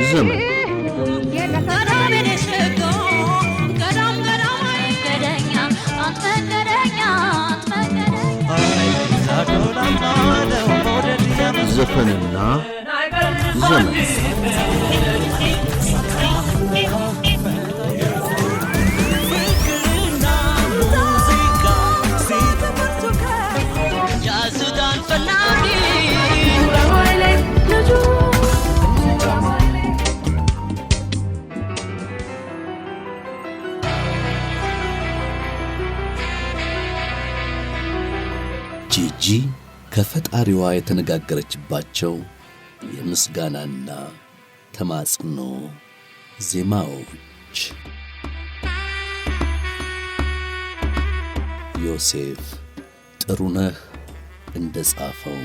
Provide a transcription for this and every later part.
Kızım. زفن النار زمن ፈጣሪዋ የተነጋገረችባቸው የምስጋናና ተማጽኖ ዜማዎች ዮሴፍ ጥሩነህ እንደ ጻፈው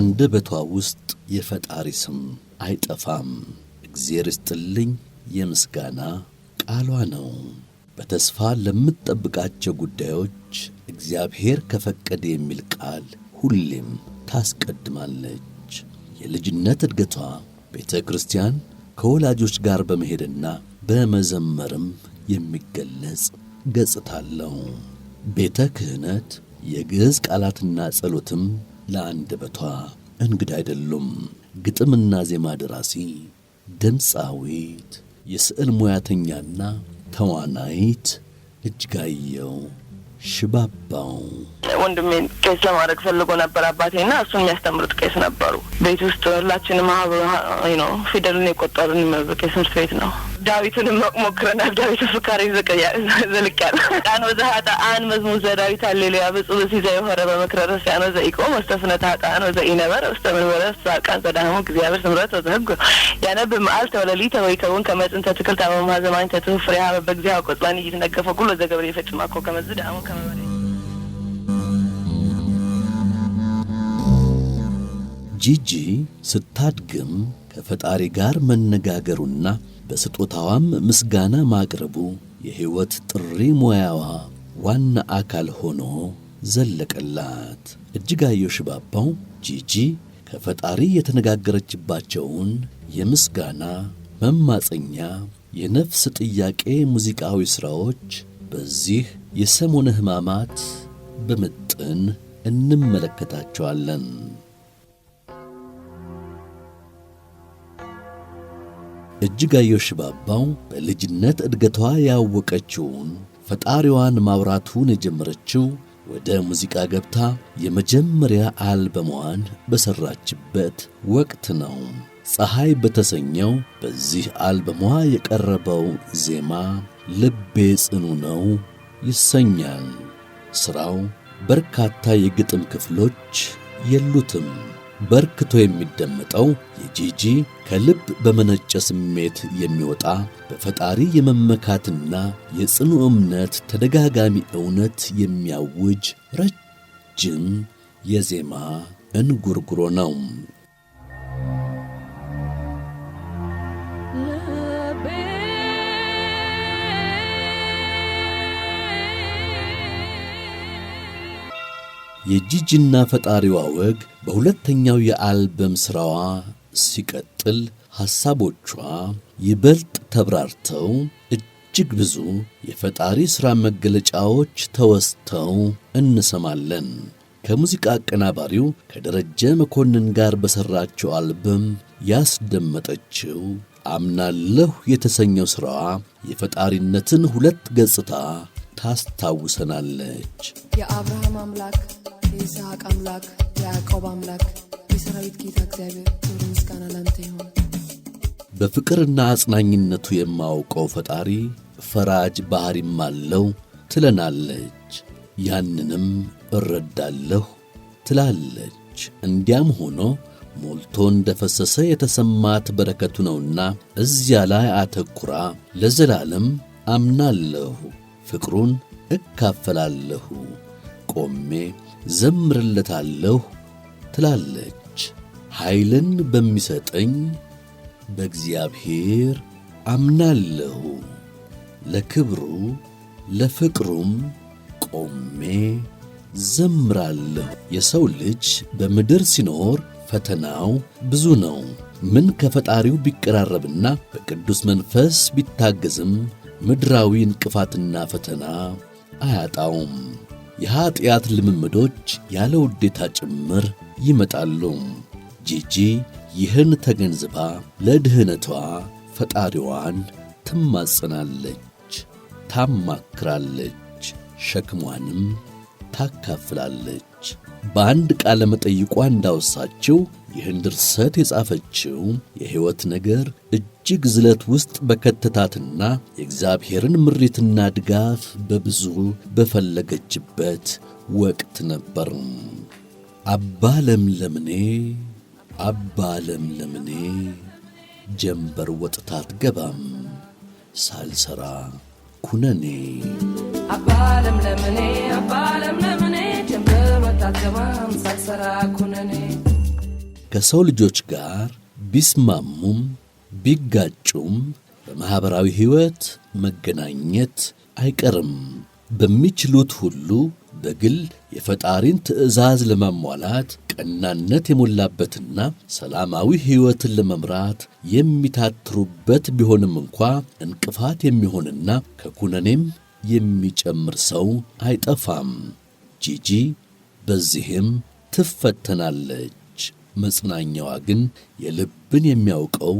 አንደበቷ ውስጥ የፈጣሪ ስም አይጠፋም። እግዜር ይስጥልኝ የምስጋና ቃሏ ነው። በተስፋ ለምትጠብቃቸው ጉዳዮች እግዚአብሔር ከፈቀደ የሚል ቃል ሁሌም ታስቀድማለች። የልጅነት እድገቷ ቤተ ክርስቲያን ከወላጆች ጋር በመሄድና በመዘመርም የሚገለጽ ገጽታ አለው። ቤተ ክህነት የግዕዝ ቃላትና ጸሎትም ለአንደበቷ እንግዳ አይደሉም። ግጥምና ዜማ ደራሲ፣ ድምፃዊት፣ የስዕል ሙያተኛና ተዋናይት እጅጋየው ሽባባው ወንድሜ ቄስ ለማድረግ ፈልጎ ነበር አባቴና እሱ የሚያስተምሩት ቄስ ነበሩ። ቤት ውስጥ ሁላችንም ነው ፊደሉን የቆጠሩን ቄስ ትምህርት ቤት ነው ዳዊትንም ሞክረናል። ዳዊት ፍካሪ ዘልቅያል ቃን ወዘ አን መዝሙር ዘዳዊት ሃሌሉያ ብፁዕ ሲዘ የሆረ በመክረር ሲያኖ ዘኢቆም ውስተ ፍኖተ ሀጣአን ወዘኢነበረ ውስተ መንበረ ጻድቃን ቀዳሞ እግዚአብሔር ስምረት ወዘሕጉ ያነብ መዓልተ ተወለሊ ወይከውን ከመ ዕፅንተ ትክልት ዘማኝ መሃዘማኝ ተትሁ ፍሬሃ ሀበ በእግዚአብሔር ቆጽላን እይትነገፈ ጉሎ ዘገብር የፈጭማ ኮ ከመዝ ከመ በሬ ጂጂ ስታድግም ከፈጣሪ ጋር መነጋገሩና በስጦታዋም ምስጋና ማቅረቡ የሕይወት ጥሪ ሙያዋ ዋና አካል ሆኖ ዘለቀላት። እጅጋየሁ ሽባባው ጂጂ ከፈጣሪ የተነጋገረችባቸውን የምስጋና መማፀኛ፣ የነፍስ ጥያቄ ሙዚቃዊ ሥራዎች በዚህ የሰሞነ ሕማማት በምጥን እንመለከታቸዋለን። እጅጋየሁ ሽባባው በልጅነት እድገቷ ያወቀችውን ፈጣሪዋን ማውራቱን የጀመረችው ወደ ሙዚቃ ገብታ የመጀመሪያ አልበሟን በሰራችበት ወቅት ነው። ፀሐይ በተሰኘው በዚህ አልበሟ የቀረበው ዜማ ልቤ ጽኑ ነው ይሰኛል። ሥራው በርካታ የግጥም ክፍሎች የሉትም። በርክቶ የሚደመጠው የጂጂ ከልብ በመነጨ ስሜት የሚወጣ በፈጣሪ የመመካትና የጽኑ እምነት ተደጋጋሚ እውነት የሚያውጅ ረጅም የዜማ እንጉርጉሮ ነው። የጂጂና ፈጣሪዋ ወግ በሁለተኛው የአልበም ሥራዋ ሲቀጥል ሐሳቦቿ ይበልጥ ተብራርተው እጅግ ብዙ የፈጣሪ ሥራ መገለጫዎች ተወስተው እንሰማለን። ከሙዚቃ አቀናባሪው ከደረጀ መኮንን ጋር በሠራችው አልበም ያስደመጠችው አምናለሁ የተሰኘው ሥራዋ የፈጣሪነትን ሁለት ገጽታ ታስታውሰናለች። የአብርሃም አምላክ የይስሐቅ አምላክ የያዕቆብ አምላክ የሰራዊት ጌታ እግዚአብሔር ክብር ምስጋና በፍቅርና አጽናኝነቱ የማውቀው ፈጣሪ ፈራጅ ባሕሪም አለው ትለናለች። ያንንም እረዳለሁ ትላለች። እንዲያም ሆኖ ሞልቶ እንደ ፈሰሰ የተሰማት በረከቱ ነውና እዚያ ላይ አተኩራ ለዘላለም አምናለሁ፣ ፍቅሩን እካፈላለሁ ቆሜ ዘምርለታለሁ ትላለች። ኃይልን በሚሰጠኝ በእግዚአብሔር አምናለሁ። ለክብሩ ለፍቅሩም ቆሜ ዘምራለሁ። የሰው ልጅ በምድር ሲኖር ፈተናው ብዙ ነው። ምን ከፈጣሪው ቢቀራረብና በቅዱስ መንፈስ ቢታገዝም ምድራዊ እንቅፋትና ፈተና አያጣውም። የኀጢአት ልምምዶች ያለ ውዴታ ጭምር ይመጣሉ። ጂጂ ይህን ተገንዝባ ለድህነቷ ፈጣሪዋን ትማጽናለች፣ ታማክራለች፣ ሸክሟንም ታካፍላለች። በአንድ ቃለ መጠይቋ እንዳወሳችው ይህን ድርሰት የጻፈችው የሕይወት ነገር እጅግ ዝለት ውስጥ በከተታትና የእግዚአብሔርን ምሪትና ድጋፍ በብዙ በፈለገችበት ወቅት ነበር። አባ ለምለምኔ አባ ለምለምኔ ጀንበር ወጥታ አትገባም ሳልሰራ ኩነኔ አባ ለምለምኔ አባ ለምለምኔ ጀንበር ወጥታ አትገባም ሳልሰራ ኩነኔ ከሰው ልጆች ጋር ቢስማሙም ቢጋጩም በማኅበራዊ ሕይወት መገናኘት አይቀርም። በሚችሉት ሁሉ በግል የፈጣሪን ትእዛዝ ለማሟላት ቀናነት የሞላበትና ሰላማዊ ሕይወትን ለመምራት የሚታትሩበት ቢሆንም እንኳ እንቅፋት የሚሆንና ከኩነኔም የሚጨምር ሰው አይጠፋም። ጂጂ በዚህም ትፈተናለች። መጽናኛዋ ግን የልብን የሚያውቀው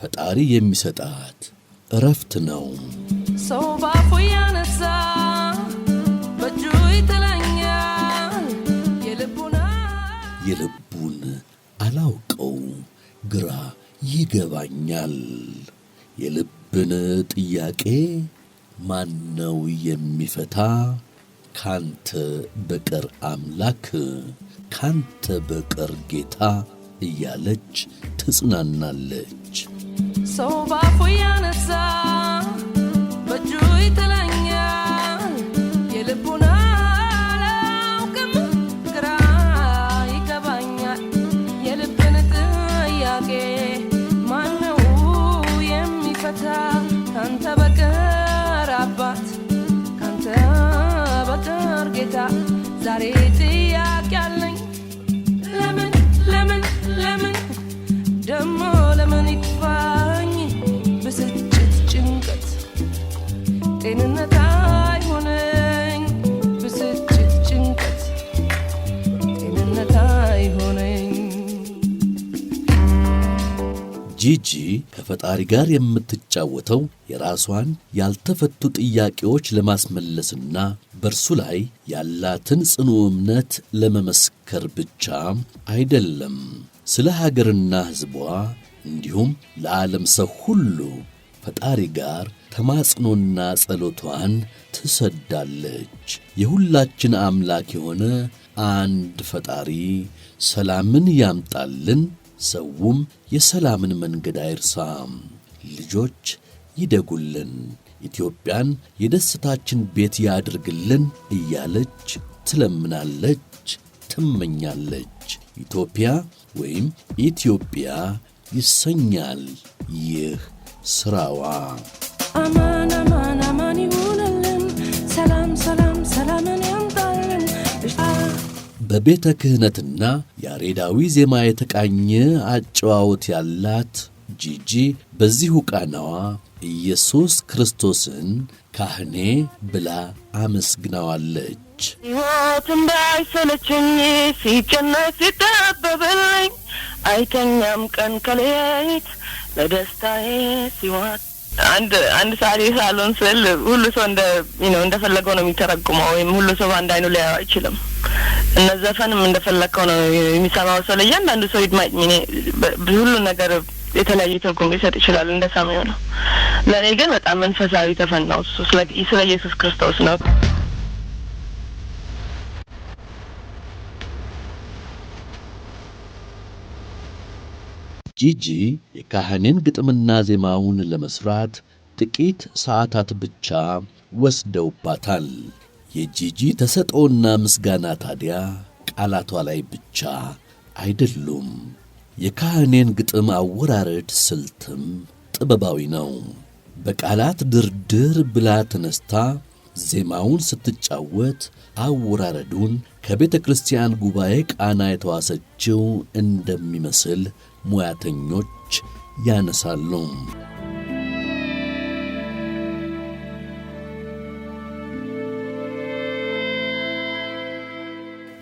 ፈጣሪ የሚሰጣት እረፍት ነው። ሰው ባፉ ያነሳ በእጁ ይተላኛል። የልቡን አላውቀው ግራ ይገባኛል። የልብን ጥያቄ ማነው የሚፈታ? ካንተ በቀር አምላክ ካንተ በቀር ጌታ እያለች ትጽናናለች። ሰው ባፉ ያነሳ በእጁ ይተለኛል የልቡን አላውቅም ግራ ይገባኛል። የልብን ጥያቄ ማነው የሚፈታ? ካንተ በቀር አባት ካንተ በቀር ጌታ ዛሬ ጂጂ ከፈጣሪ ጋር የምትጫወተው የራሷን ያልተፈቱ ጥያቄዎች ለማስመለስና በእርሱ ላይ ያላትን ጽኑ እምነት ለመመስከር ብቻ አይደለም። ስለ ሀገርና ሕዝቧ እንዲሁም ለዓለም ሰው ሁሉ ፈጣሪ ጋር ተማጽኖና ጸሎቷን ትሰዳለች። የሁላችን አምላክ የሆነ አንድ ፈጣሪ ሰላምን ያምጣልን ሰውም የሰላምን መንገድ አይርሳም። ልጆች ይደጉልን፣ ኢትዮጵያን የደስታችን ቤት ያድርግልን እያለች ትለምናለች፣ ትመኛለች። ኢትዮጵያ ወይም ኢትዮጵያ ይሰኛል ይህ ስራዋ። በቤተ ክህነትና ያሬዳዊ ዜማ የተቃኘ አጨዋወት ያላት ጂጂ በዚሁ ቃናዋ ኢየሱስ ክርስቶስን ካህኔ ብላ አመስግናዋለች። ሕይወትን ባይሰለችኝ ሲጨነቅ ሲጠበብልኝ አይተኛም ቀን ከሌት ለደስታዬ ሲዋት አንድ አንድ ሰዓት የሳሎን ስዕል ሁሉ ሰው እንደ ነው እንደፈለገው ነው የሚተረጉመው ወይም ሁሉ ሰው በአንድ አይኑ ሊያየው አይችልም። እና እንደፈለከው እንደፈለግከው ነው የሚሰማው ሰው ለእያንዳንዱ ሰው ይድማጭ ሚኔ ሁሉ ነገር የተለያየ ትርጉም ሊሰጥ ይችላል እንደ ሰሚው ነው። ለእኔ ግን በጣም መንፈሳዊ ዘፈን ነው እሱ ስለ ኢየሱስ ክርስቶስ ነው። ጂጂ የካህኔን ግጥምና ዜማውን ለመስራት ጥቂት ሰዓታት ብቻ ወስደውባታል። የጂጂ ተሰጥኦና ምስጋና ታዲያ ቃላቷ ላይ ብቻ አይደሉም። የካህኔን ግጥም አወራረድ ስልትም ጥበባዊ ነው። በቃላት ድርድር ብላ ተነስታ ዜማውን ስትጫወት አወራረዱን ከቤተ ክርስቲያን ጉባኤ ቃና የተዋሰችው እንደሚመስል ሙያተኞች ያነሳሉ።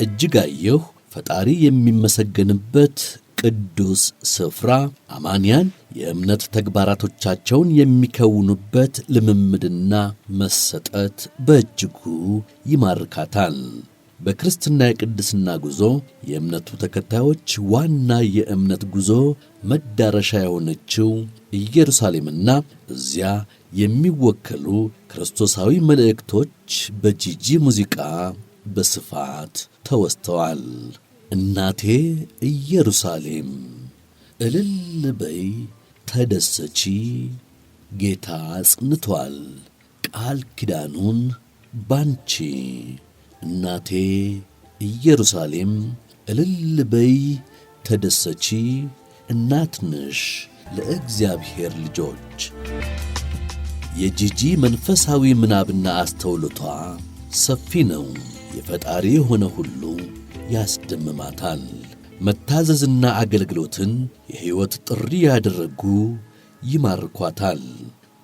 እጅጋየሁ ፈጣሪ የሚመሰገንበት ቅዱስ ስፍራ አማንያን የእምነት ተግባራቶቻቸውን የሚከውኑበት ልምምድና መሰጠት በእጅጉ ይማርካታል። በክርስትና የቅድስና ጉዞ የእምነቱ ተከታዮች ዋና የእምነት ጉዞ መዳረሻ የሆነችው ኢየሩሳሌምና እዚያ የሚወከሉ ክርስቶሳዊ መልእክቶች በጂጂ ሙዚቃ በስፋት ተወስተዋል። እናቴ ኢየሩሳሌም እልል በይ ተደሰቺ፣ ጌታ አጽንቷል ቃል ኪዳኑን ባንቺ። እናቴ ኢየሩሳሌም እልል በይ ተደሰቺ፣ እናትንሽ ለእግዚአብሔር ልጆች። የጂጂ መንፈሳዊ ምናብና አስተውሎቷ ሰፊ ነው። የፈጣሪ የሆነ ሁሉ ያስደምማታል። መታዘዝና አገልግሎትን የሕይወት ጥሪ ያደረጉ ይማርኳታል።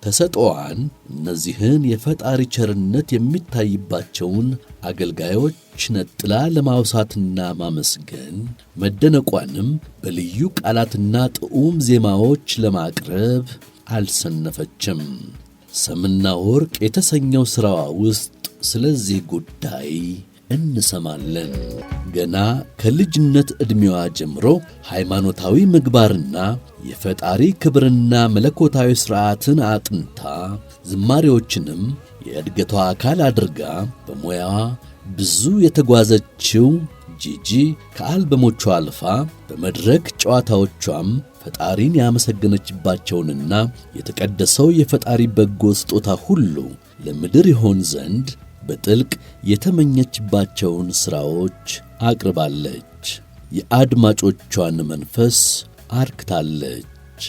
ተሰጠዋን እነዚህን የፈጣሪ ቸርነት የሚታይባቸውን አገልጋዮች ነጥላ ለማውሳትና ማመስገን መደነቋንም በልዩ ቃላትና ጥዑም ዜማዎች ለማቅረብ አልሰነፈችም። ሰምና ወርቅ የተሰኘው ሥራዋ ውስጥ ስለዚህ ጉዳይ እንሰማለን። ገና ከልጅነት ዕድሜዋ ጀምሮ ሃይማኖታዊ ምግባርና የፈጣሪ ክብርና መለኮታዊ ሥርዓትን አጥንታ ዝማሬዎችንም የእድገቷ አካል አድርጋ በሙያዋ ብዙ የተጓዘችው ጂጂ ከአልበሞቿ አልፋ በመድረክ ጨዋታዎቿም ፈጣሪን ያመሰገነችባቸውንና የተቀደሰው የፈጣሪ በጎ ስጦታ ሁሉ ለምድር ይሆን ዘንድ በጥልቅ የተመኘችባቸውን ሥራዎች አቅርባለች። የአድማጮቿን መንፈስ አርክታለች።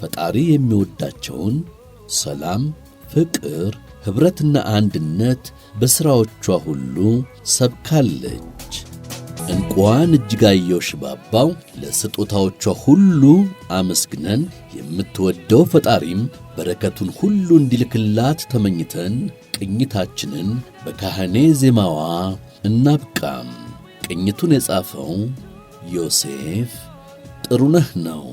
ፈጣሪ የሚወዳቸውን ሰላም፣ ፍቅር፣ ኅብረትና አንድነት በሥራዎቿ ሁሉ ሰብካለች። እንኳን እጅጋየሁ ሽባባው ለስጦታዎቿ ሁሉ አመስግነን የምትወደው ፈጣሪም በረከቱን ሁሉ እንዲልክላት ተመኝተን ቅኝታችንን በካህኔ ዜማዋ እናብቃም። ቅኝቱን የጻፈው ዮሴፍ ጥሩነህ ነው።